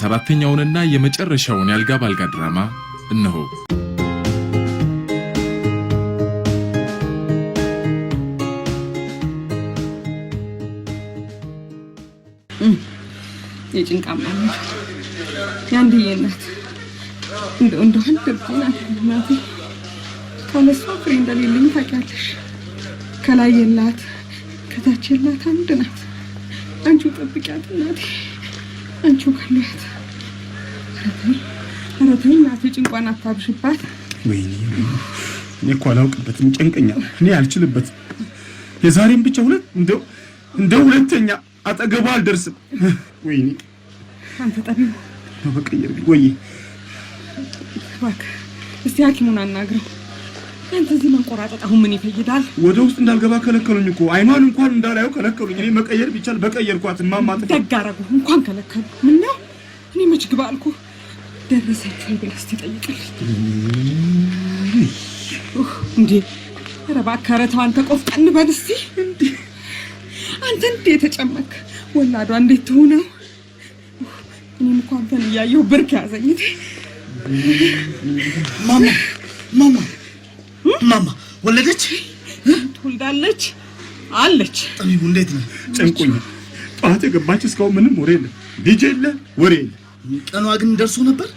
ሰባተኛውንና የመጨረሻውን የአልጋ ባልጋ ድራማ እነሆ። የጭንቃ የአንድዬ እናት እንደው እንደው አንድ እናቴ ከነሷ ፍሬ እንደሌለኝ ታውቂያለሽ። ከላይ የላት ከታች የላት አንድ ናት። አንቺው ጠብቂያት እናቴ አንቺው ካለያት ኧረ ተይ እናቴ፣ ጭንቋን አታብሽባት። ወይኔ እኔ እኮ አላውቅበትም፣ ይጨንቀኛል። እኔ አልችልበትም። የዛሬም ብቻ ሁለት እንደው እንደው ሁለተኛ አጠገቧ አልደርስም። ወይኔ አንተ ጠቢው በቀየር ወይዬ፣ እባክህ እስቲ ሐኪሙን አናግረው። አንተ እዚህ መንቆራጠጥ አሁን ምን ይፈይዳል? ወደ ውስጥ እንዳልገባ ከለከሉኝ እኮ አይኗን እንኳን እንዳላየው ከለከሉኝ። እኔ መቀየር ቢቻል በቀየርኳት። ማማጥ ደጋረጉ እንኳን ከለከሉ። ምን ነው እኔ መች ግባ አልኩ። ደረሰች ወይ ብለህ እስኪ ጠይቅልኝ እንዴ። ኧረ እባክህ ኧረ ተው አንተ፣ ቆፍጠን በል እስኪ። አንተ እንዴ ተጨመክ? ወላዷ እንዴት ትሆነው? እኔም እኮ አንተን እያየሁ ብርክ ያዘኝ። ማማ ማማ እማማ ወለደች? ትወልዳለች አለች። ጠቢቡ እንዴት ነው? ጭንቁኝ። ጠዋት የገባች እስካሁን ምንም ወሬ የለም ልጅ የለ፣ ወሬ የለ። ቀኗ ግን ደርሶ ነበር።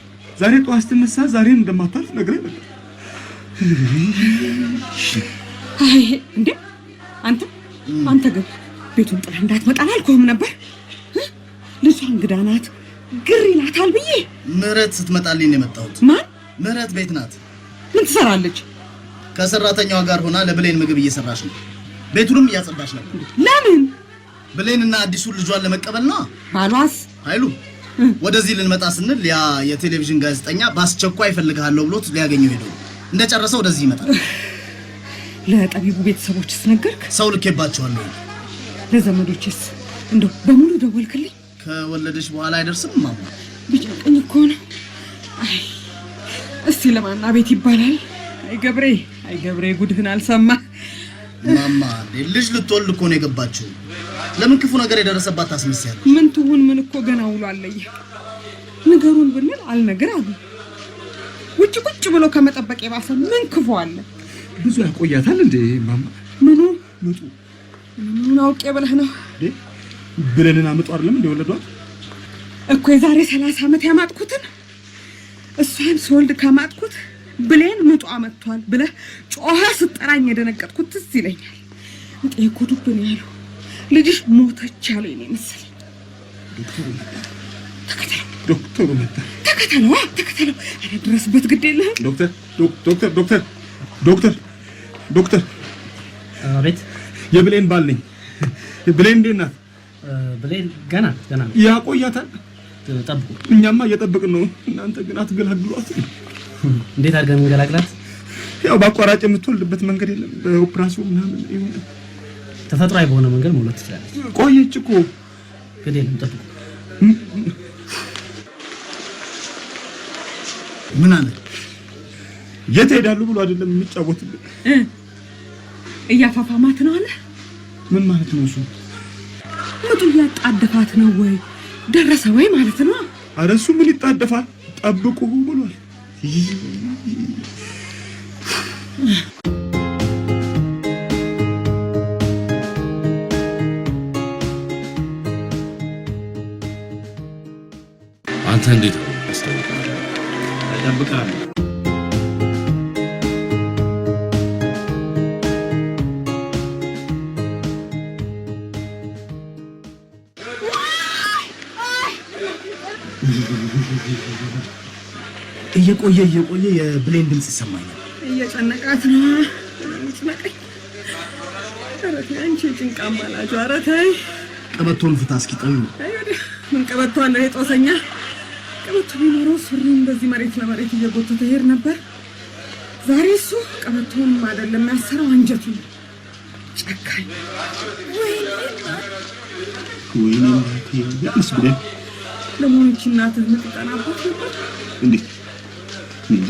ዛሬ ጠዋት ስትነሳ ዛሬን እንደማታልፍ ነግረኝ ነበር። እንዴ አንተ አንተ ግን ቤቱን ጥለህ እንዳትመጣ አላልኩህም ነበር? ልሷ እንግዳ ናት፣ ግር ይላታል ብዬ ምህረት ስትመጣልኝ ነው የመጣሁት። ማን ምህረት? ቤት ናት። ምን ትሰራለች? ከሰራተኛዋ ጋር ሆና ለብሌን ምግብ እየሰራች ነው። ቤቱንም እያጸዳች ነው። ለምን? ብሌንና አዲሱን ልጇን ለመቀበል ነው። ባሏስ ኃይሉ ወደዚህ ልንመጣ ስንል ያ የቴሌቪዥን ጋዜጠኛ በአስቸኳይ እፈልግሃለሁ ብሎት ሊያገኘው ሄደው እንደጨረሰ ወደዚህ ይመጣል። ለጠቢቡ ቤተሰቦችስ ነገርክ? ሰው ልኬባቸዋለሁ። ለዘመዶችስ እንደው በሙሉ ደወልክልኝ? ከወለደች በኋላ አይደርስም። ማማ ቢጨንቀኝ እኮ ነው። አይ እስቲ ለማና ቤት ይባላል አይ ገብሬ፣ አይ ገብሬ ጉድህን አልሰማ ማማ ልጅ ልትወልድ እኮ ነው የገባችው። ለምን ክፉ ነገር የደረሰባት ታስመስያል? ምን ትሁን ምን እኮ ገና ውሎ አለየ። ንገሩን ብንል አልነግር አሉ። ውጭ ቁጭ ብሎ ከመጠበቅ የባሰ ምን ክፉ አለ? ብዙ ያቆያታል እንዴ ማማ? ምኑ ምጡ? ምን አውቄ ብለህ ነው ብለንና ምጡ አይደለም እንደ እኮ የዛሬ ሰላሳ ዓመት ያማጥኩትን እሷን ስወልድ ከማጥኩት ብሌን ምጧ መጥቷል ብለህ ጮኸ ስጠራኝ የደነገጥኩት ትዝ ይለኛል። ጤኩዱብን ያለው ልጅሽ ሞተች ያለው ነው መሰለኝ። ዶክተሩ መጣ። ተከተለው ተከተለው፣ አላደረስበት ግድ የለህም። ዶክተር ዶክተር ዶክተር ዶክተር ዶክተር። አቤት። የብሌን ባል ነኝ። ብሌን እንዴት ናት? ብሌን ገና ገና ያቆያታል። ጠብቁ። እኛማ እየጠበቅን ነው። እናንተ ግን አትገላግሏት። እንዴት አድርገን እንገላግላት? ያው በአቋራጭ የምትወልድበት መንገድ የለም። በኦፕራሲዮን ምናምን ተፈጥሯዊ በሆነ መንገድ መውለድ ትችላለች። ቆየች እኮ ግድ የለም ጠብቁ። ምን አለ? የት ሄዳሉ ብሎ አይደለም የሚጫወትብን እያፋፋማት ነው አለ። ምን ማለት ነው እሱ? ምጡ እያጣደፋት ነው ወይ ደረሰ ወይ ማለት ነው። አረ እሱ ምን ይጣደፋል? ጠብቁ ብሏል። 안탄디도 እየቆየ እየቆየ የብሌን ድምፅ ይሰማኛል። እየጨነቃት ነው ጭነቀኝ። አንቺ ጭንቃም አላቸው። ኧረ ቀበቶን ፍታ እስኪ ጠብ ነው። ምን ቀበቶ አለው የጦሰኛ ቀበቶ ቢኖረው ሱሪውን በዚህ መሬት ለመሬት እየጎተተ ይሄድ ነበር። ዛሬ እሱ ቀበቶን አይደለም የሚያሰረው አንጀቱ ነው። ጨካኝ ወይኔ ወይኔ ያንስ ብለን ለመሆንች እናትህ ምትጠናባት ነበር እንዴ? እንጃ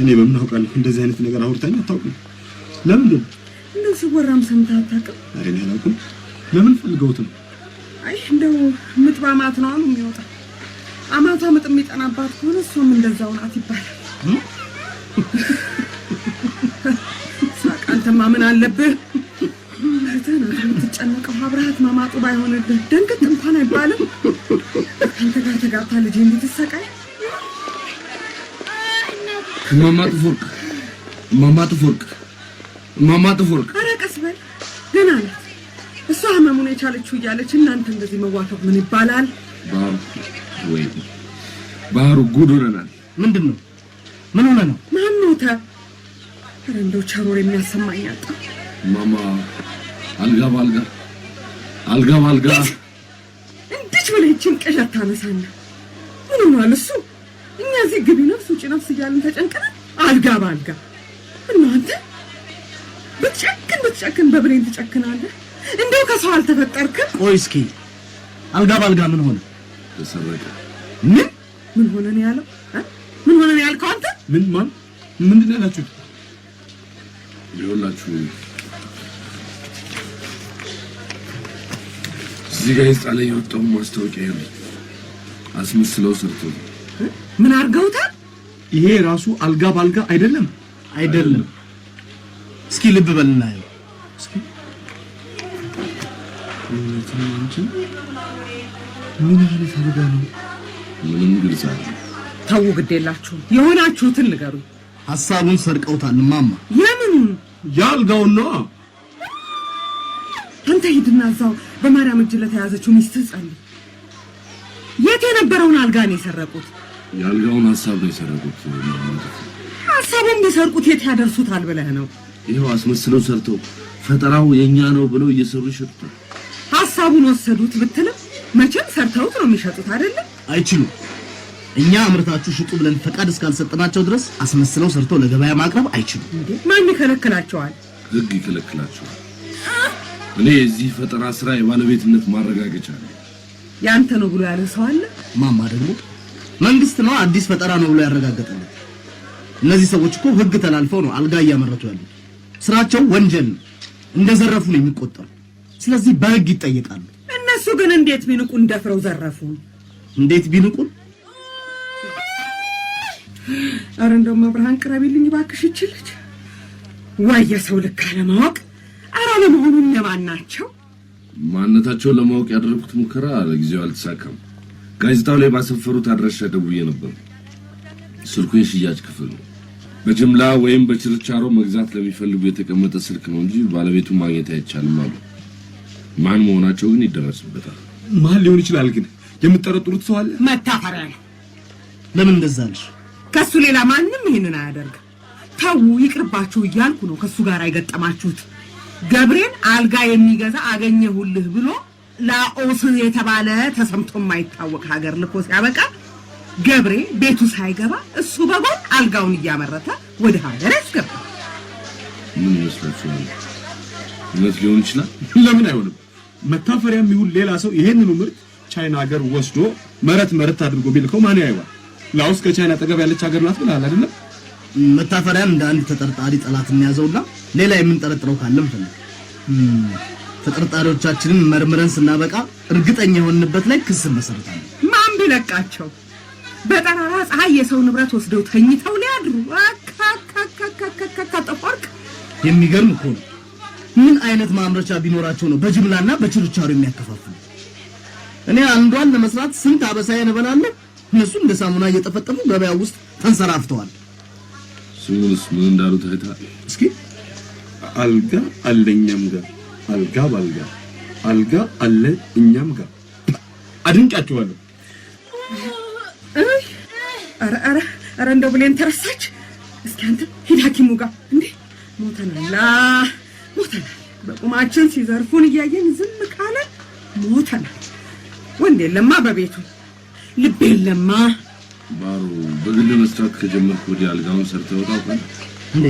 እኔ በምን አውቃለሁ? እንደዚህ አይነት ነገር አውርታኝ አታውቅም። ለምንድን ነው እንደዚህ ወራም ሰምተህ አታውቅም? አይ እኔ አላውቅም። ለምን ፈልገውት ነው? አይ እንደው ምጥ በአማት ነው አሉ የሚወጣ አማቷ ምጥ የሚጠናባት ከሆነ እሷም እንደዛው ናት ይባላል። ሳቅ፣ አንተማ ምን አለብህ? እህትህ ናት የምትጨነቀው። አብረሃት ማማጡ ባይሆንልህ ደንገጥ እንኳን አይባልም። አንተ ጋር ተጋብታ ልጅ እንድትሰቃይ እማማ ጥፍ እማማ ጥፍ እማማ ጥፍ ኧረ ቀስ በል ገና ናት እሷ ህመሙን የቻለችው እያለች እናንተ እንደዚህ መዋተው ምን ይባላል? ባህሩ ወይ ባህሩ ጉድ ሆነናል። ምንድን ነው ምን ሆነ ነው ማነው ተ ኧረ እንደው ቸሮር የሚያሰማኝ አጣ። እማማ አልጋ ባልጋ አልጋ ባልጋ እንድች ብለህ ይህችን ታነሳና ምን ሆኗል እሱ እኛ እዚህ ግቢ ነፍስ ውጭ ነፍስ እያልን ተጨንቀን አልጋ በአልጋ እናንተ ብትጨክን ብትጨክን በብሬን ትጨክናለህ። እንደው ከሰው አልተፈጠርክም። ቆይ እስኪ አልጋ በአልጋ ምን ሆነ? ተሰረቀ። ምን ምን ሆነ ነው ያለው? ምን ሆነ ነው ያልከው አንተ? ምን ማን ምንድን ነው ያላችሁት? ይኸውላችሁ እዚህ ጋዜጣ ላይ የወጣውን ማስታወቂያ ያሉ አስመስለው ሰርቶ ነው ምን አድርገውታል? ይሄ ራሱ አልጋ ባልጋ አይደለም አይደለም። እስኪ ልብ በልና ያው እስኪ ምን አይነት አልጋ ነው? ምንም ግልጽ አይደለም። ተው ግድ የላችሁም። የሆናችሁትን ንገሩ። ሐሳቡን ሰርቀውታል። ማማ የምኑን? ያልጋውን ነው። አንተ ሂድና እዛው በማርያም እጅ ለተያዘችው ሚስትህ ጸልይ። የት የነበረውን አልጋ ነው የሰረቁት? የአልጋውን ሀሳብ ነው የሰረቁት ማለት ሀሳብን የት ያደርሱታል ብለህ ነው? ይኸው አስመስለው ሰርተው ፈጠራው የእኛ ነው ብለው እየሰሩ ይሸጡታል። ሀሳቡን ወሰዱት ብትልም መቼም ሰርተውት ነው የሚሸጡት አይደለም? አይችሉም። እኛ አምርታችሁ ሽጡ ብለን ፈቃድ እስካልሰጠናቸው ድረስ አስመስለው ሰርተው ለገበያ ማቅረብ አይችሉም። ማን ይከለክላቸዋል? ህግ ይከለክላቸዋል። እኔ የዚህ ፈጠራ ስራ የባለቤትነት ማረጋገጫ ነው ያንተ ነው ብሎ ያለ ሰው አለ። ማማ ደግሞ መንግስት ነው አዲስ ፈጠራ ነው ብሎ ያረጋገጠለት። እነዚህ ሰዎች እኮ ህግ ተላልፈው ነው አልጋ እያመረቱ ያሉት። ስራቸው ወንጀል ነው፣ እንደዘረፉ ነው የሚቆጠሩ። ስለዚህ በህግ ይጠየቃሉ። እነሱ ግን እንዴት ቢንቁን ደፍረው ዘረፉ? እንዴት ቢንቁን? አረ እንደው መብርሃን ቅረቢልኝ እባክሽ። ይችልች ወይ የሰው ልክ አለማወቅ። አረ ለመሆኑ እነማን ናቸው? ማንነታቸውን ለማወቅ ያደረኩት ሙከራ ለጊዜው አልተሳካም። ጋዜጣው ላይ ባሰፈሩት አድራሻ ደውዬ ነበር። ስልኩ የሽያጭ ክፍል ነው። በጅምላ ወይም በችርቻሮ መግዛት ለሚፈልጉ የተቀመጠ ስልክ ነው እንጂ ባለቤቱ ማግኘት አይቻልም አሉ። ማን መሆናቸው ግን ይደረስበታል። ማን ሊሆን ይችላል ግን የምጠረጥሩት ሰው አለ? መታፈሪያ ነው። ለምን እንደዛ አለሽ? ከሱ ሌላ ማንም ይህንን አያደርግም። ተው ይቅርባችሁ እያልኩ ነው። ከሱ ጋር አይገጠማችሁት ገብሬን አልጋ የሚገዛ አገኘሁልህ ብሎ ላኦስ የተባለ ተሰምቶ የማይታወቅ ሀገር ልኮ ሲያበቃ ገብሬ ቤቱ ሳይገባ እሱ በጎን አልጋውን እያመረተ ወደ ሀገር ያስገባ። ምን ይመስላችሁ? እውነት ሊሆን ይችላል። ለምን አይሆንም? መታፈሪያ የሚውል ሌላ ሰው ይሄንኑ ምርት ቻይና ሀገር ወስዶ መረት መረት አድርጎ ቢልከው ማን ያየዋል? ላኦስ ከቻይና ጠገብ ያለች ሀገር ናት ብለሃል አይደለም? መታፈሪያን እንደ አንድ ተጠርጣሪ ጠላት እንያዘውና ሌላ የምንጠረጥረው ካለም ፈለ ተጠርጣሪዎቻችንን መርምረን ስናበቃ እርግጠኛ የሆንንበት ላይ ክስ መሰረታለን። ማን ቢለቃቸው? በጠራራ ፀሐይ የሰው ንብረት ወስደው ተኝተው ሊያድሩ። ጠፈርቅ የሚገርም እኮ ነው። ምን አይነት ማምረቻ ቢኖራቸው ነው በጅምላና በችርቻሩ የሚያከፋፍሉ? እኔ አንዷን ለመስራት ስንት አበሳ እበላለሁ። እነሱ እንደ ሳሙና እየጠፈጠፉ ገበያ ውስጥ ተንሰራፍተዋል። ስሙንስ ምን እንዳሉ እስኪ አልጋ አለኛም ጋር አልጋ ባልጋ አልጋ አለ እኛም ጋር አድንቃችኋለሁ። አረ አረ አረ እንደው ብሌን ተረሳች። እስኪ አንተ ሂድ ሐኪሙ ጋር እንዴ ሞተናላ ሞተናል። በቁማችን ሲዘርፉን እያየን ዝም ካለ ሞተናል። ወንድ የለማ በቤቱ ልብ የለማ ባሩ በግል መስራት ከጀመርኩ ወዲህ አልጋውን ሰርተው ታውቃለህ እንዴ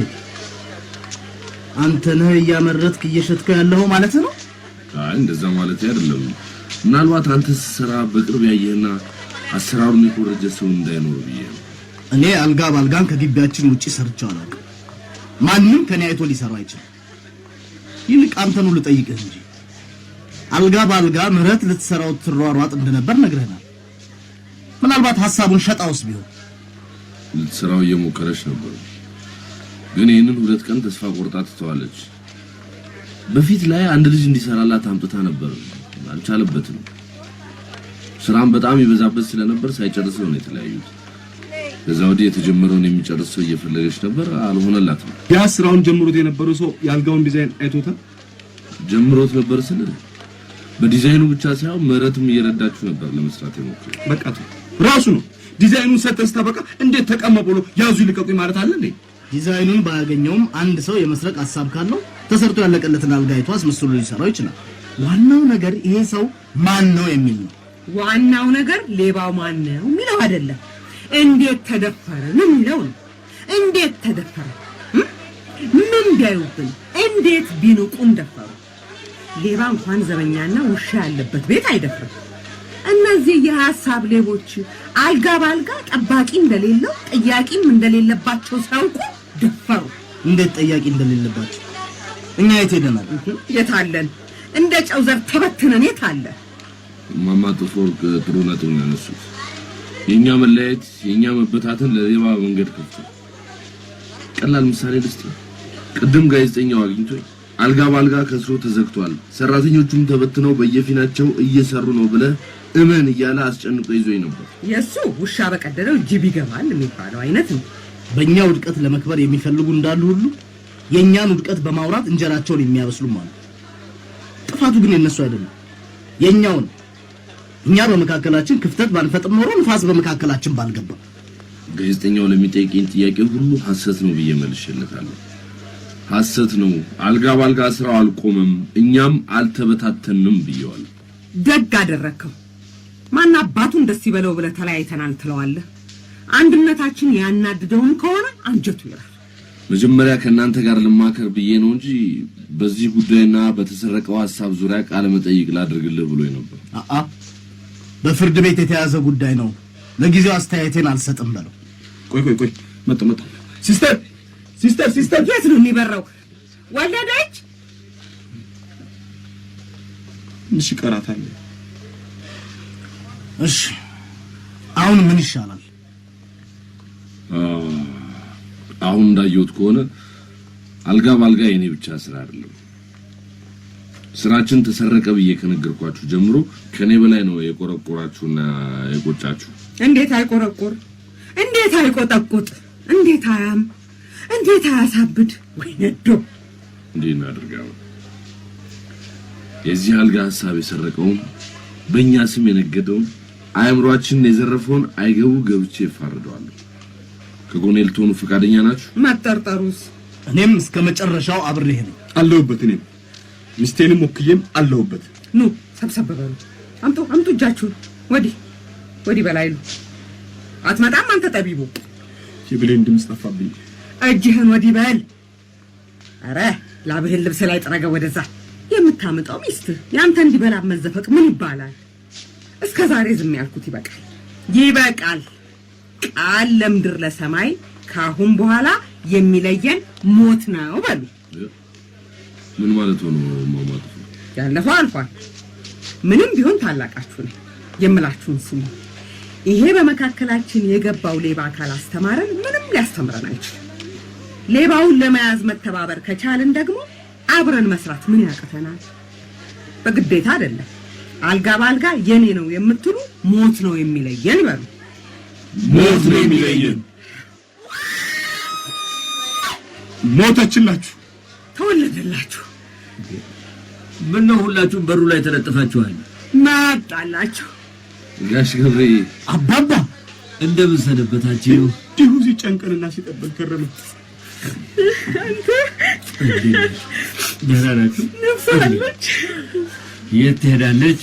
አንተ ነህ እያመረትክ እየሸጥክ ያለው ማለት ነው? አይ እንደዛ ማለት አይደለም። ምናልባት አንተ ስራ በቅርብ ያየህና አሰራሩን የኮረጀ ሰው እንዳይኖር ብዬ ነው። እኔ አልጋ ባልጋን ከግቢያችን ውጪ ሰርቼው አላውቅም። ማንም ከኔ አይቶ ሊሰራ አይችልም። ይልቅ አንተኑ ልጠይቅህ እንጂ አልጋ ባልጋ ምህረት ልትሰራው ትሯሯጥ እንደነበር ነግረህናል። ምናልባት ሐሳቡን ሸጣውስ ቢሆን ልትሰራው እየሞከረች ነበር። ግን ይህንን ሁለት ቀን ተስፋ ቆርጣ ትተዋለች። በፊት ላይ አንድ ልጅ እንዲሰራላት አምጥታ ነበር፣ አልቻለበትም። ስራም በጣም ይበዛበት ስለነበር ሳይጨርስ ነው የተለያዩት። ከዛ ወዲህ የተጀመረውን የሚጨርስ ሰው እየፈለገች ነበር፣ አልሆነላትም። ያ ስራውን ጀምሮት የነበረው ሰው የአልጋውን ዲዛይን አይቶታል። ጀምሮት ነበር ስለ በዲዛይኑ ብቻ ሳይሆን ምህረትም እየረዳችሁ ነበር ለመስራት የሞከረው። በቃ ራሱ ነው ዲዛይኑን ሰተስታ በቃ እንዴት ተቀመ ብሎ ያዙ ይልቀቁኝ ማለት አለ እንዴ? ዲዛይኑን ባያገኘውም አንድ ሰው የመስረቅ ሀሳብ ካለው ተሰርቶ ያለቀለትን አልጋ አይቶ አስመስሎ ሊሰራው ይችላል። ዋናው ነገር ይሄ ሰው ማን ነው የሚል ነው። ዋናው ነገር ሌባው ማን ነው የሚለው አይደለም፣ እንዴት ተደፈረ የሚለው ነው። እንዴት ተደፈረ፣ ምን ቢያዩብን፣ እንዴት ቢንቁን ደፈሩ። ሌባ እንኳን ዘበኛና ውሻ ያለበት ቤት አይደፍርም። እነዚህ የሀሳብ ሌቦች አልጋ በአልጋ ጠባቂ እንደሌለው ጥያቄም እንደሌለባቸው ሳውቁ ደፋሩ እንዴት ጠያቂ እንደሌለባቸው እኛ የት ሄደናል? የት አለን? እንደ ጨው ዘር ተበትነን የት አለ? እማማ ጥሩወርቅ ጥሩ ነጥብ ነው ያነሱት። የእኛ መለያየት የእኛ መበታተን ለሌባ መንገድ ከፍቶ ቀላል ምሳሌ ልስጥ። ቅድም ጋዜጠኛው አግኝቶ አልጋ በአልጋ ከስሮ ተዘግቷል፣ ሰራተኞቹም ተበትነው በየፊናቸው እየሰሩ ነው ብለ እመን እያለ አስጨንቆ ይዞኝ ነበር። የእሱ ውሻ በቀደደው ጅብ ይገባል የሚባለው አይነት ነው። በእኛ ውድቀት ለመክበር የሚፈልጉ እንዳሉ ሁሉ የእኛን ውድቀት በማውራት እንጀራቸውን የሚያበስሉም አሉ። ጥፋቱ ግን የነሱ አይደለም፣ የኛው ነው። እኛ በመካከላችን ክፍተት ባንፈጥም ኖሮ ንፋስ በመካከላችን ባልገባ። ጋዜጠኛው ለሚጠይቅኝ ጥያቄ ሁሉ ሐሰት ነው ብዬ መልሼለታለሁ። ሐሰት ነው፣ አልጋ ባልጋ ስራው አልቆመም፣ እኛም አልተበታተንም ብየዋል። ደግ አደረከው። ማን አባቱን ደስ ይበለው ብለህ ተለያይተናል ትለዋለህ። አንድነታችን ያናድደውን ከሆነ አንጀቱ ይራል። መጀመሪያ ከእናንተ ጋር ልማከር ብዬ ነው እንጂ በዚህ ጉዳይና በተሰረቀው ሀሳብ ዙሪያ ቃለ መጠይቅ ላድርግልህ ብሎ ነበር። አአ በፍርድ ቤት የተያዘ ጉዳይ ነው፣ ለጊዜው አስተያየቴን አልሰጥም በለው። ቆይ ቆይ ቆይ፣ መጡ መጡ። ሲስተር ሲስተር ሲስተር፣ የት ነው የሚበራው? ወለደች ትንሽ ይቀራታል። እሺ አሁን ምን ይሻላል? አሁን እንዳየሁት ከሆነ አልጋ ባልጋ የኔ ብቻ ስራ አይደለም። ስራችን ተሰረቀ ብዬ ከነገርኳችሁ ጀምሮ ከኔ በላይ ነው የቆረቆራችሁና የቆጫችሁ። እንዴት አይቆረቆር፣ እንዴት አይቆጠቁጥ፣ እንዴት አያም፣ እንዴት አያሳብድ። ወይ ነዶ እንዴት እናድርጋው? የዚህ አልጋ ሀሳብ የሰረቀውም በእኛ ስም የነገደውን አእምሯችንን የዘረፈውን አይገቡ ገብቼ ይፋርደዋለሁ። ከጎኔ ልትሆኑ ፈቃደኛ ናችሁ? መጠርጠሩስ? እኔም እስከ መጨረሻው አብሬህ ነኝ አለሁበት። እኔም ሚስቴንም ወክዬም አለሁበት። ኑ ሰብሰብ በሉ። አምጡ አምጡ፣ እጃችሁን ወዲህ ወዲህ በላይሉ። አትመጣም አንተ ጠቢቡ። የብሌን ድምፅ ጠፋብኝ። እጅህን ወዲህ በል። አረ ላብህን ልብስ ላይ ጥረገ ወደዛ። የምታመጣው ሚስትህ ያንተ እንዲበላ መዘፈቅ ምን ይባላል? እስከ ዛሬ ዝም ያልኩት ይበቃል፣ ይበቃል። ቃል ለምድር ለሰማይ ካሁን በኋላ የሚለየን ሞት ነው በሉ። ምን ማለት ነው? ያለፈው አልፏል። ምንም ቢሆን ታላቃችሁ ነው የምላችሁን ስሙ። ይሄ በመካከላችን የገባው ሌባ ካላስተማረን ምንም ሊያስተምረን አይችልም። ሌባውን ለመያዝ መተባበር ከቻልን ደግሞ አብረን መስራት ምን ያቅተናል? በግዴታ አይደለም። አልጋ በአልጋ የኔ ነው የምትሉ ሞት ነው የሚለየን በሉ። ሞት ነው የሚለየን። ሞተችላችሁ፣ ተወለደላችሁ። ምነው ሁላችሁም በሩ ላይ ተለጥፋችኋል? መጣላችሁ። ጋሽ ገብሬ አባባ እንደምን ሰነበታችሁ? እንዲሁ ሲጨንቀንና ሲጠበል ከረመ። የት ትሄዳለች?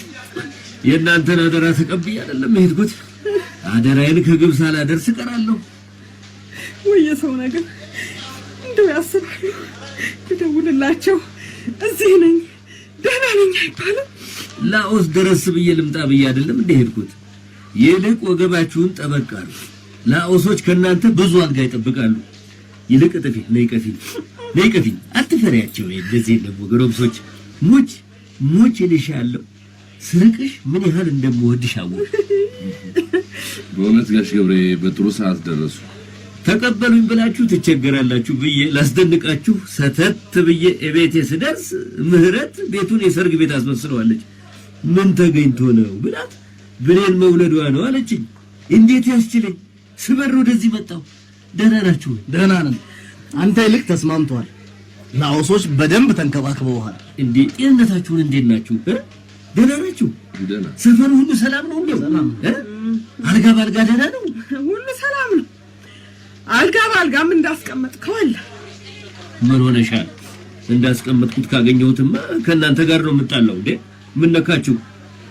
የእናንተን አደራ ተቀብዬ አይደለም የሄድኩት አደራዬን ከግብ ሳላደርስ እቀራለሁ። ወይ የሰው ነገር እንደው ያስባሉ። ልደውልላቸው እዚህ ነኝ ደህና ነኝ አይባልም። ላኦስ ደረስ ብዬ ልምጣ ብዬ አይደለም እንደ ሄድኩት። ይልቅ ወገባችሁን ጠበቅ ላኦሶች ከእናንተ ብዙ አልጋ ይጠብቃሉ። ይልቅ ጥፊ ነይ ቀፊ ነይ ቀፊ፣ አትፈሪያቸው። እንደዚህ የለም ወገሮምሶች ሙች ሙች እልሻለሁ። ስርቅሽ ምን ያህል እንደምወድሽ አወቅሽ። በእውነት ጋሽ ገብሬ በጥሩ ሰዓት ደረሱ። ተቀበሉኝ ብላችሁ ትቸገራላችሁ ብዬ ላስደንቃችሁ ሰተት ብዬ እቤቴ ስደርስ ምህረት ቤቱን የሰርግ ቤት አስመስለዋለች። ምን ተገኝቶ ነው ብላት ብሌን መውለዷ ነው አለችኝ። እንዴት ያስችለኝ ስበር ወደዚህ መጣሁ። ደህና ናችሁ? ደህና ነን። አንተ ይልቅ ተስማምቷል። ላውሶች በደንብ ተንከባክበውሃል። እንዴ ጤንነታችሁን እንዴት ናችሁ? ደህና ናችሁ? ሰፈሩ ሁሉ ሰላም ነው? እንደው አልጋ በአልጋ ደህና ነው? ሁሉ ሰላም ነው። አልጋ ምን እንዳስቀመጥከው አለ። ምን ሆነሻል? እንዳስቀመጥኩት ካገኘሁትማ ከእናንተ ጋር ነው የምጣለው። እንዴ ምን ነካችሁ?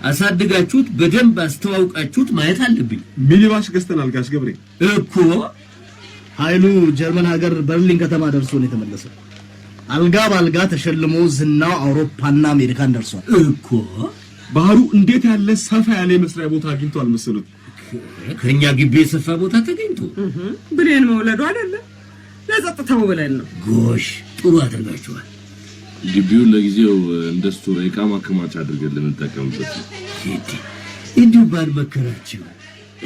አሳድጋችሁት በደንብ አስተዋውቃችሁት ማየት አለብኝ። ሚኒባስ ገዝተናል ጋሽ ገብሬ እኮ ኃይሉ ጀርመን ሀገር በርሊን ከተማ ደርሶ ነው የተመለሰው። አልጋ በአልጋ ተሸልሞ ዝናው አውሮፓና አሜሪካን ደርሷል እኮ። ባህሩ እንዴት ያለ ሰፋ ያለ የመስሪያ ቦታ አግኝቶ መሰሉት? ከኛ ግቢ የሰፋ ቦታ ተገኝቶ ብሌን መውለዱ አይደለም ለጸጥታው ብለን ነው። ጎሽ ጥሩ አድርጋችኋል። ግቢውን ለጊዜው እንደ ስቶር ዕቃ ማከማቻ አድርገን ልንጠቀምበት ነው። እንዲሁ ባልመከራችሁ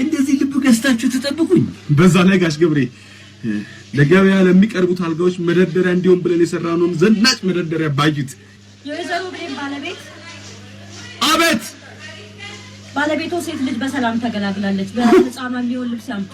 እንደዚህ ልብ ገዝታችሁ ትጠብቁኝ። በዛ ላይ ጋሽ ገብሬ ለገበያ ለሚቀርቡት አልጋዎች መደርደሪያ እንዲሆን ብለን የሰራነውን ዘናጭ መደርደሪያ ባዩት። የወይዘሮ ብሌን ባለቤት አቤት፣ ባለቤቶ ሴት ልጅ በሰላም ተገላግላለች። በህፃኗ የሚሆን ልብስ ያምጡ።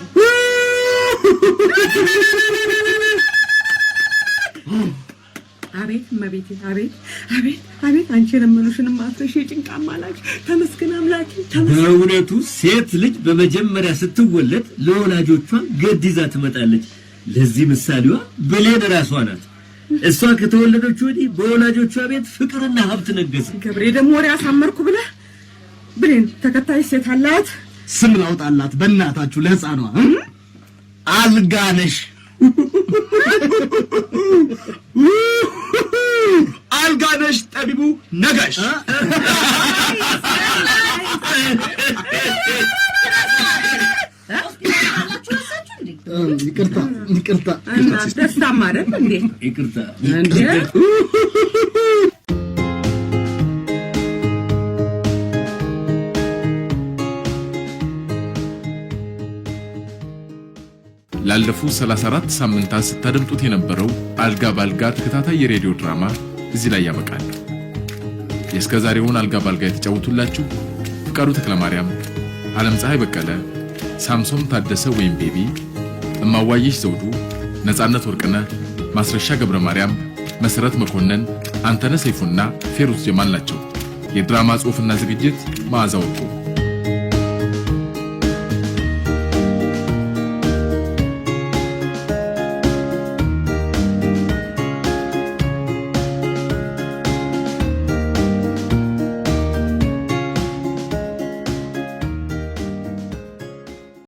አቤት እመቤቴ፣ አቤት አቤት አቤት! አንቺ የለመኑሽንም አፍረሽ የጭንቃ አማላጅ ተመስገን አምላኬ። በእውነቱ ሴት ልጅ በመጀመሪያ ስትወለድ ለወላጆቿ ገድ ይዛ ትመጣለች። ለዚህ ምሳሌዋ ብሌን ራሷ ናት። እሷ ከተወለደች ወዲህ በወላጆቿ ቤት ፍቅርና ሀብት ነገሰ። ገብሬ ደግሞ ወሬ አሳመርኩ ብለህ ብሌን ተከታይ ሴት አላት። ስም ላውጣላት በእናታችሁ ለህፃኗ አልጋነሽ አልጋነሽ ጠቢቡ ነጋሽ አይደል እንዴ? ይቅርታ ላለፉት 34 ሳምንታት ስታደምጡት የነበረው አልጋ ባልጋ ተከታታይ የሬዲዮ ድራማ እዚህ ላይ ያበቃል። የእስከ ዛሬውን አልጋ ባልጋ የተጫወቱላችሁ ፍቃዱ ተክለማርያም፣ ዓለም ፀሐይ በቀለ፣ ሳምሶን ታደሰ ወይም ቤቢ፣ እማዋይሽ ዘውዱ፣ ነፃነት ወርቅነህ ማስረሻ ገብረ ማርያም፣ መሰረት መኮንን፣ አንተነ ሰይፉና ፌሩስ ጀማል ናቸው። የድራማ ጽሑፍና ዝግጅት መዓዛ ወርቁ